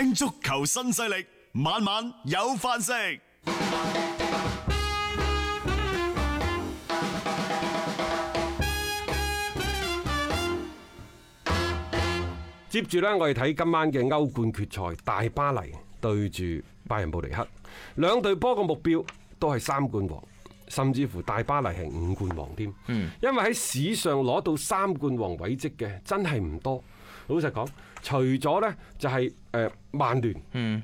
聽足球新勢力，晚晚有飯食。接住呢，我哋睇今晚嘅歐冠決賽，大巴黎對住拜仁慕尼黑，兩隊波嘅目標都係三冠王，甚至乎大巴黎係五冠王添。嗯，因為喺史上攞到三冠王偉績嘅真係唔多，老實講。除咗咧，就係誒曼聯、嗯、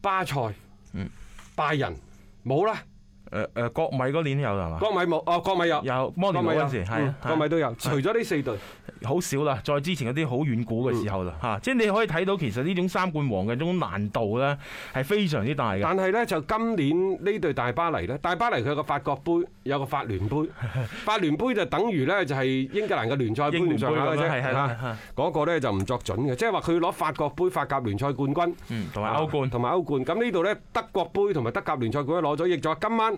巴塞、嗯、拜仁，冇喇。誒誒，國米嗰年有係嘛？國米冇，哦國米有，有摩連奴嗰時，係國米都有。除咗呢四隊，好少啦。再之前嗰啲好遠古嘅時候啦，嚇，即係你可以睇到其實呢種三冠王嘅呢種難度咧係非常之大嘅。但係咧就今年呢隊大巴黎咧，大巴黎佢有個法國杯有個法聯杯，法聯杯就等於咧就係英格蘭嘅聯賽杯啫，嚇。嗰個咧就唔作準嘅，即係話佢攞法國杯、法甲聯賽冠軍，嗯，同埋歐冠，同埋歐冠。咁呢度咧德國杯同埋德甲聯賽冠軍攞咗，贏咗今晚。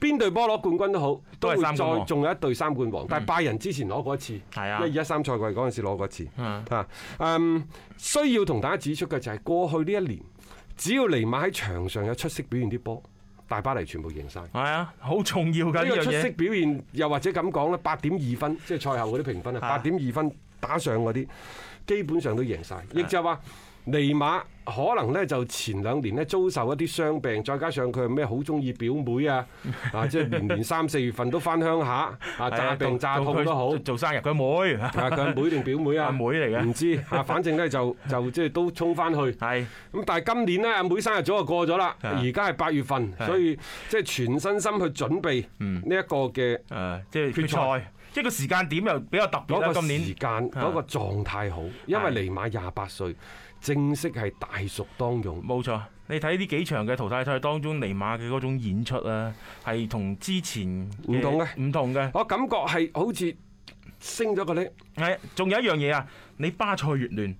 邊隊波攞冠軍都好，都會再仲有一隊三冠王。但係拜仁之前攞過一次，一、嗯、二、一三賽季嗰陣時攞過一次。啊的，的嗯，需要同大家指出嘅就係過去呢一年，只要尼馬喺場上有出色表現啲波，大巴黎全部贏晒。係啊，好重要嘅呢樣出色表現的又或者咁講咧，八點二分，即係賽後嗰啲評分啊，八點二分打上嗰啲，的基本上都贏晒。亦的就係話。尼馬可能咧就前兩年咧遭受一啲傷病，再加上佢係咩好鍾意表妹啊，啊即係年年三四月份都翻鄉下啊，詐病詐痛都好，做生日。佢妹啊，佢阿妹定表妹啊，阿妹嚟嘅，唔知啊，反正咧就就即係都衝翻去。係咁，但係今年咧阿妹生日早就過咗啦，而家係八月份，所以即係全身心去準備呢一個嘅誒，即係決賽，即係個時間點又比較特別啦。今年時間嗰個狀態好，因為尼馬廿八歲。正式係大熟當用，冇錯。你睇呢幾場嘅淘汰賽當中，尼馬嘅嗰種演出啦、啊，係同之前唔同嘅，唔同嘅。同我感覺係好似升咗嗰啲。係，仲有一樣嘢啊，你巴塞越亂。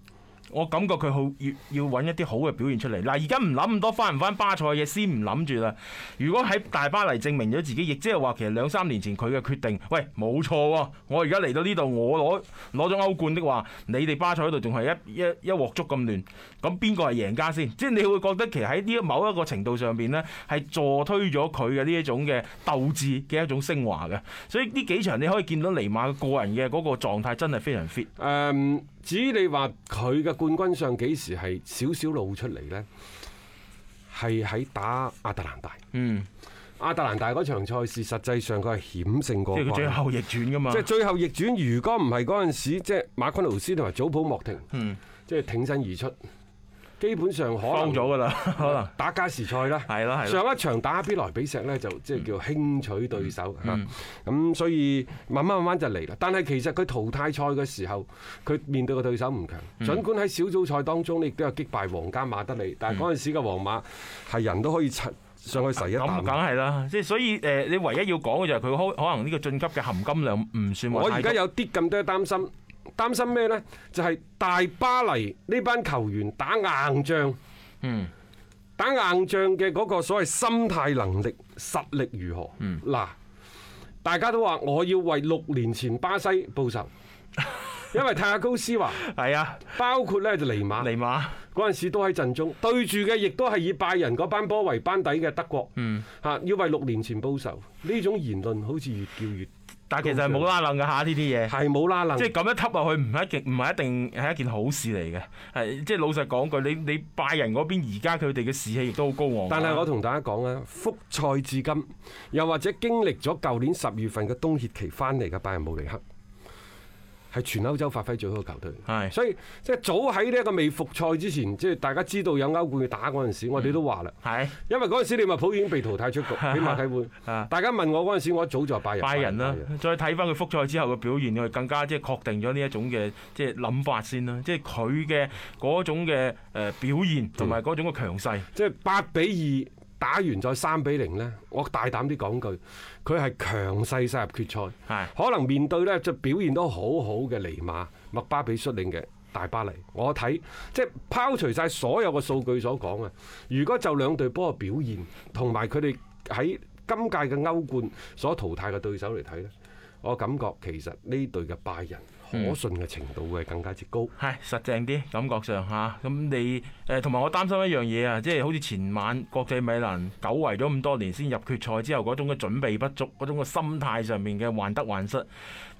我感覺佢好要要揾一啲好嘅表現出嚟。嗱，而家唔諗咁多，返唔返巴塞嘅嘢先唔諗住啦。如果喺大巴黎證明咗自己，亦即係話其實兩三年前佢嘅決定，喂，冇錯喎、啊。我而家嚟到呢度，我攞攞咗歐冠嘅話，你哋巴塞嗰度仲係一一一鑊粥咁亂，咁邊個係贏家先？即係你會覺得其實喺呢某一個程度上邊呢，係助推咗佢嘅呢一種嘅鬥志嘅一種升華嘅。所以呢幾場你可以見到尼馬個人嘅嗰個狀態真係非常 fit、um。誒。至於你話佢嘅冠軍相幾時係少少露出嚟呢？係喺打亞特蘭大，嗯，亞特蘭大嗰場賽事，實際上佢係險勝過即係最後逆轉噶嘛，即係最後逆轉。如果唔係嗰陣時，即係馬昆奴斯同埋祖普莫廷，嗯，即係挺身而出。基本上可能咗噶啦，可能打加時賽啦。係啦， 係。上一場打 B 萊比錫呢，就即係叫輕取對手嚇。咁、嗯、所以慢慢慢慢就嚟啦。但係其實佢淘汰賽嘅時候，佢面對嘅對手唔強。嗯、儘管喺小組賽當中，你亦都有擊敗皇家馬德里。但係嗰陣時嘅皇馬係人都可以上去十一、啊。咁梗係啦，即係所以誒，你唯一要講嘅就係佢可能呢個進級嘅含金量唔算話太。我而家有啲咁多擔心。擔心咩呢？就係、是、大巴黎呢班球員打硬仗，嗯，打硬仗嘅嗰個所謂心態能力實力如何？嗯，嗱，大家都話我要為六年前巴西報仇， 因為泰阿高斯話係啊，包括呢就尼馬尼馬嗰陣時都喺陣中，對住嘅亦都係以拜仁嗰班波為班底嘅德國，嗯，吓要為六年前報仇呢種言論，好似越叫越。但其實冇拉冷嘅嚇，呢啲嘢係冇拉冷，即係咁一吸落去，唔係一極，唔係一定係一件好事嚟嘅。係即係老實講句，你你拜仁嗰邊而家佢哋嘅士氣亦都好高昂。但係我同大家講啊，復賽至今，又或者經歷咗舊年十月份嘅冬歇期翻嚟嘅拜仁慕尼克。係全歐洲發揮最好嘅球隊，係是，所以即係早喺呢一個未復賽之前，即係大家知道有歐冠要打嗰陣時，嗯、我哋都話啦，係是，因為嗰陣時利物浦已經被淘汰出局， 起碼睇換， 大家問我嗰陣時，我一早就話拜仁，拜仁啦，人人再睇翻佢復賽之後嘅表現，你係更加即係確定咗呢一種嘅即係諗法先啦，即係佢嘅嗰種嘅誒表現同埋嗰種嘅強勢，即係八比二。打完再三比零呢，我大膽啲講句，佢係強勢殺入決賽，的可能面對呢，就表現都好好嘅尼馬麥巴比率領嘅大巴黎。我睇即係拋除晒所有嘅數據所講啊，如果就兩隊波嘅表現同埋佢哋喺今屆嘅歐冠所淘汰嘅對手嚟睇呢，我感覺其實呢隊嘅拜仁。可信嘅程度會更加之高，嗯，係、嗯嗯、實正啲感覺上吓。咁你誒同埋我擔心一樣嘢啊，即係好似前晚國際米蘭久違咗咁多年先入決賽之後嗰種嘅準備不足，嗰種嘅心態上面嘅患得患失，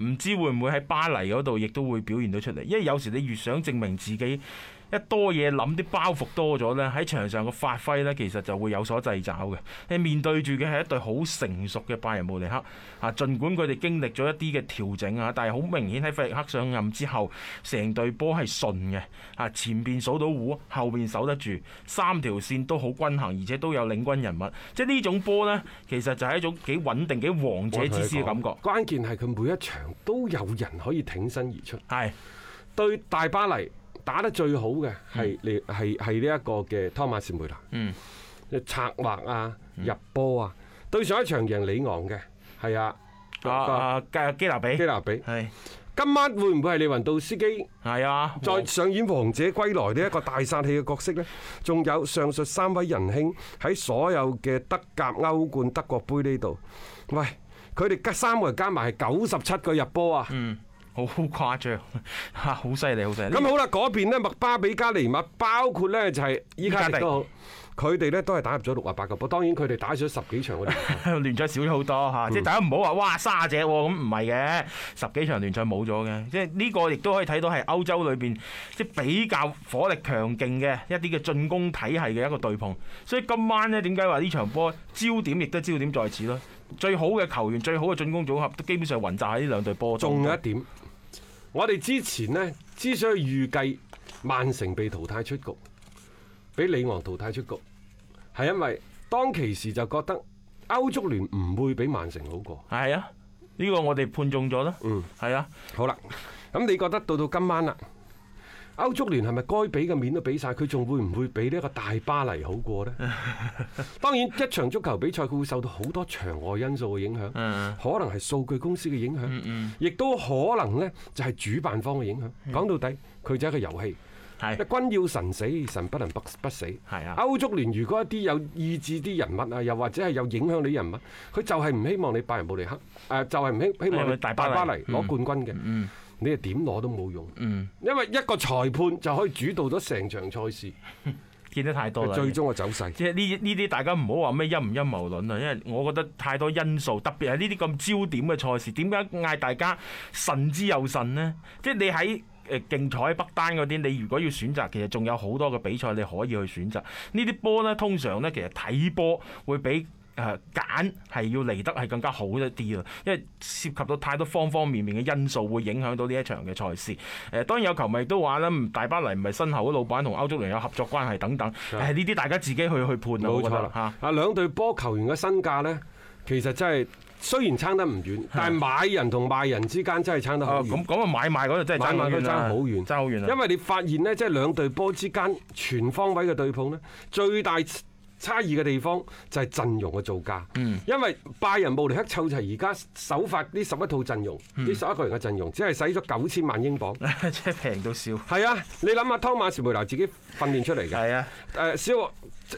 唔知會唔會喺巴黎嗰度亦都會表現到出嚟。因為有時你越想證明自己。一多嘢諗，啲包袱多咗呢，喺場上個發揮呢，其實就會有所掣肘嘅。你面對住嘅係一隊好成熟嘅拜仁慕尼黑。啊，儘管佢哋經歷咗一啲嘅調整啊，但係好明顯喺弗里克上任之後，成隊波係順嘅，啊，前邊守到壺，後邊守得住，三條線都好均衡，而且都有領軍人物。即係呢種波呢，其實就係一種幾穩定、幾王者之師嘅感覺。關鍵係佢每一場都有人可以挺身而出。係是對大巴黎。打得最好嘅係嚟係係呢一個嘅湯馬士梅拿，嘅策劃啊、入波啊，對上一場贏里昂嘅係啊啊計基拿，比基拿比係，今晚會唔會係李雲杜斯基係啊再上演王者歸來嘅一個大殺氣嘅角色咧？仲有上述三位仁兄喺所有嘅德甲、歐冠、德國杯呢度，喂，佢哋嗰三個人加埋係九十七個入波啊！誇張 好誇張吓，好犀利，好犀利！咁好啦，嗰邊呢，麥巴比加尼馬，包括呢就係依家亦佢哋呢都係打入咗六啊八個球波。當然佢哋打咗十幾場嘅聯賽少咗好多吓，即係、嗯、大家唔好話哇沙姐咁唔係嘅，十幾場聯賽冇咗嘅。即係呢個亦都可以睇到係歐洲裏邊即係比較火力強勁嘅一啲嘅進攻體系嘅一個對碰。所以今晚呢點解話呢場波焦點亦都焦點在此咯？最好嘅球員，最好嘅進攻組合都基本上混雜喺呢兩隊波。仲有一點。我哋之前呢，之所以預計曼城被淘汰出局，俾里昂淘汰出局，係因為當其時就覺得歐足聯唔會俾曼城好過。係啊，呢個我哋判中咗啦。嗯，係啊的。好啦，咁你覺得到到今晚咧？歐足聯係咪該俾嘅面都俾晒？佢仲會唔會俾呢個大巴黎好過呢？ 當然，一場足球比賽佢會受到好多場外因素嘅影響， 可能係數據公司嘅影響，嗯嗯、亦都可能呢就係主辦方嘅影響。講、嗯、到底，佢就係一個遊戲，君，是要神死，神不能不不死。係歐、啊、足聯如果一啲有意志啲人物啊，又或者係有影響你人物，佢就係唔希望你拜仁慕尼黑，誒，就係唔希希望你大巴黎攞冠軍嘅。嗯你係點攞都冇用，嗯、因為一個裁判就可以主導咗成場賽事，見得太多，最終嘅走勢，即係呢呢啲大家唔好話咩陰唔陰謀論啊，因為我覺得太多因素，特別係呢啲咁焦點嘅賽事，點解嗌大家慎之又慎呢？即、就、係、是、你喺誒、呃、競彩北單嗰啲，你如果要選擇，其實仲有好多嘅比賽你可以去選擇。呢啲波呢，通常呢，其實睇波會比。誒揀係要嚟得係更加好一啲咯，因為涉及到太多方方面面嘅因素，會影響到呢一場嘅賽事。誒，當然有球迷都話啦，大巴黎唔係身後嘅老闆同歐足聯有合作關係等等。誒係，呢啲大家自己去去判冇錯啦，嚇！啊，兩隊波球員嘅身價呢，其實真係雖然爭得唔遠，係但係買人同賣人之間真係爭得好遠。咁講話買賣嗰度真係爭得好遠，爭好遠，遠。因為你發現呢，即係兩隊波之間全方位嘅對碰呢，最大。差異嘅地方就係、是、陣容嘅造價，嗯、因為拜仁慕尼黑湊齊而家首發呢十一套陣容，呢十一個人嘅陣容，只係使咗九千萬英鎊，即係平到笑。係啊，你諗下湯馬士梅拿自己訓練出嚟嘅，係 啊，誒、呃，笑。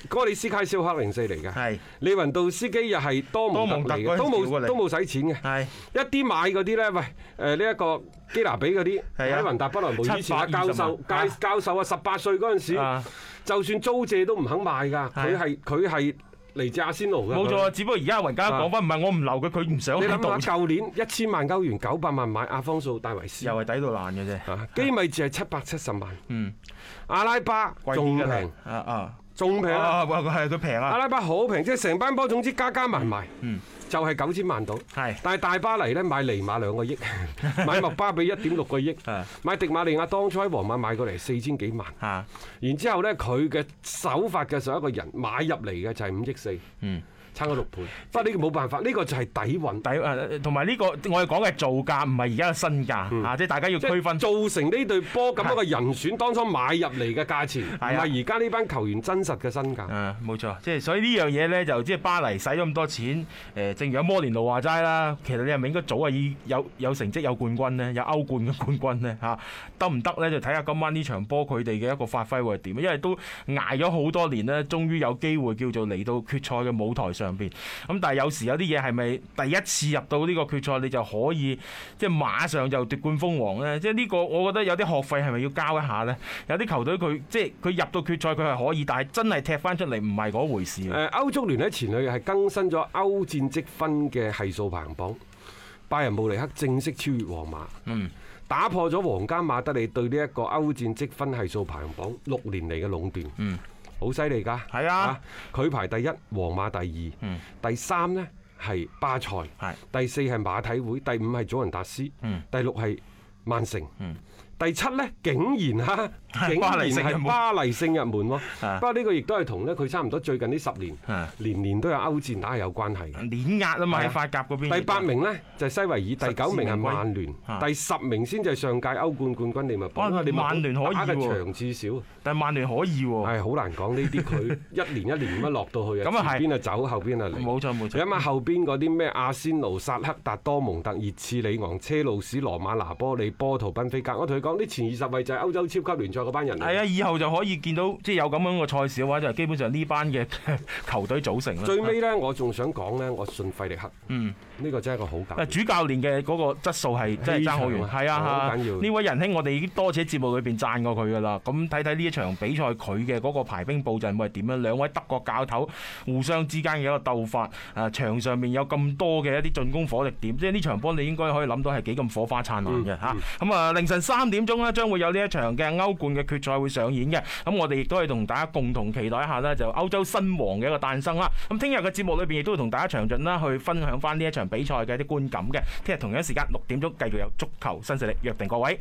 哥里斯卡少克零四嚟嘅，利雲度夫斯基又係多蒙特，都冇都冇使錢嘅，一啲買嗰啲咧，喂，誒呢一個基拿比嗰啲，雲達不來梅以前教授，教教授啊十八歲嗰陣時，就算租借都唔肯買㗎，佢係佢係嚟自阿仙奴㗎。冇錯，只不過而家雲加講返，唔係我唔留佢，佢唔想喺度。你諗下，舊年一千萬歐元九百萬買阿方素戴維斯，又係抵到爛嘅啫。基米治係七百七十萬。嗯，阿拉巴仲平啊啊！仲平啊，係都平啊！阿拉伯好平，即係成班波，總之加加埋埋，就係九千萬到。係，但係大巴黎咧買尼馬兩個億，買麥巴比一點六個億，買迪馬利亞當初喺皇馬買過嚟四千幾萬。嚇，然之後咧佢嘅首發嘅上一個人買入嚟嘅就係五億四。嗯。差咗六倍，不過呢個冇辦法，呢、這個就係底蘊底誒，同埋呢個我哋講嘅造價，唔係而家嘅身價嚇、嗯啊，即係大家要區分造成呢隊波咁樣嘅人選，當初買入嚟嘅價錢，唔啊的。而家呢班球員真實嘅身價。冇、啊、錯，即係所以呢樣嘢呢，就即係巴黎使咗咁多錢誒、呃，正如阿摩連奴話齋啦，其實你係咪應該早啊已有有成績有冠軍呢？有歐冠嘅冠軍呢？嚇、啊？得唔得呢？就睇下今晚呢場波佢哋嘅一個發揮會係點，因為都捱咗好多年呢，終於有機會叫做嚟到決賽嘅舞台上。上邊咁，但係有時有啲嘢係咪第一次入到呢個決賽，你就可以即係馬上就奪冠封王呢，即係呢個，我覺得有啲學費係咪要交一下呢？有啲球隊佢即係佢入到決賽佢係可以，但係真係踢翻出嚟唔係嗰回事。誒，歐足聯喺前兩日係更新咗歐戰積分嘅係數排行榜，拜仁慕尼黑正式超越皇馬，嗯，打破咗皇家馬德里對呢一個歐戰積分係數排行榜六年嚟嘅壟斷，嗯。嗯。好犀利㗎！係啊，佢排第一，皇馬第二，嗯、第三呢，係巴塞，是的 第四係馬體會，第五係祖雲達斯，嗯、第六係曼城。第七咧竟然嚇，竟然係巴黎聖日門喎。不過呢個亦都係同咧佢差唔多最近呢十年，年年都有歐戰打係有關係嘅。碾壓啊嘛，喺法甲嗰邊。第八名咧就係西維爾，第九名係曼聯，第十名先至係上屆歐冠冠軍利物浦。曼聯可以喎。打嘅場次少，但係曼聯可以喎。係好難講呢啲，佢一年一年咁樣落到去啊。前邊啊走，後邊啊嚟。冇錯冇錯。你諗下後邊嗰啲咩阿仙奴、薩克達多蒙特、熱刺、里昂、車路士、羅馬、拿波利、波圖、賓菲加，我同佢講。講啲前二十位就係歐洲超級聯賽嗰班人嚟。係啊，以後就可以見到，即係有咁樣嘅賽事嘅話，就基本上呢班嘅球隊組成啦。 最尾呢，我仲想講呢，我信費力克。嗯，呢個真係一個好解。主教練嘅嗰個質素係真係爭好遠。係啊，係、啊、緊要。呢、啊、位仁兄，我哋已經多次喺節目裏邊贊過佢噶啦。咁睇睇呢一場比賽，佢嘅嗰個排兵布陣會係點樣？兩位德國教頭互相之間嘅一個鬥法，誒、啊、場上面有咁多嘅一啲進攻火力點，即係呢場波，你應該可以諗到係幾咁火花燦爛嘅嚇。咁、嗯嗯嗯、啊，凌晨三點。中呢將會有呢一場嘅歐冠嘅決賽會上演嘅，咁我哋亦都係同大家共同期待一下呢就歐洲新王嘅一個誕生啦。咁聽日嘅節目裏邊亦都會同大家詳盡啦去分享返呢一場比賽嘅一啲觀感嘅。聽日同樣時間六點鐘繼續有足球新勢力，約定各位。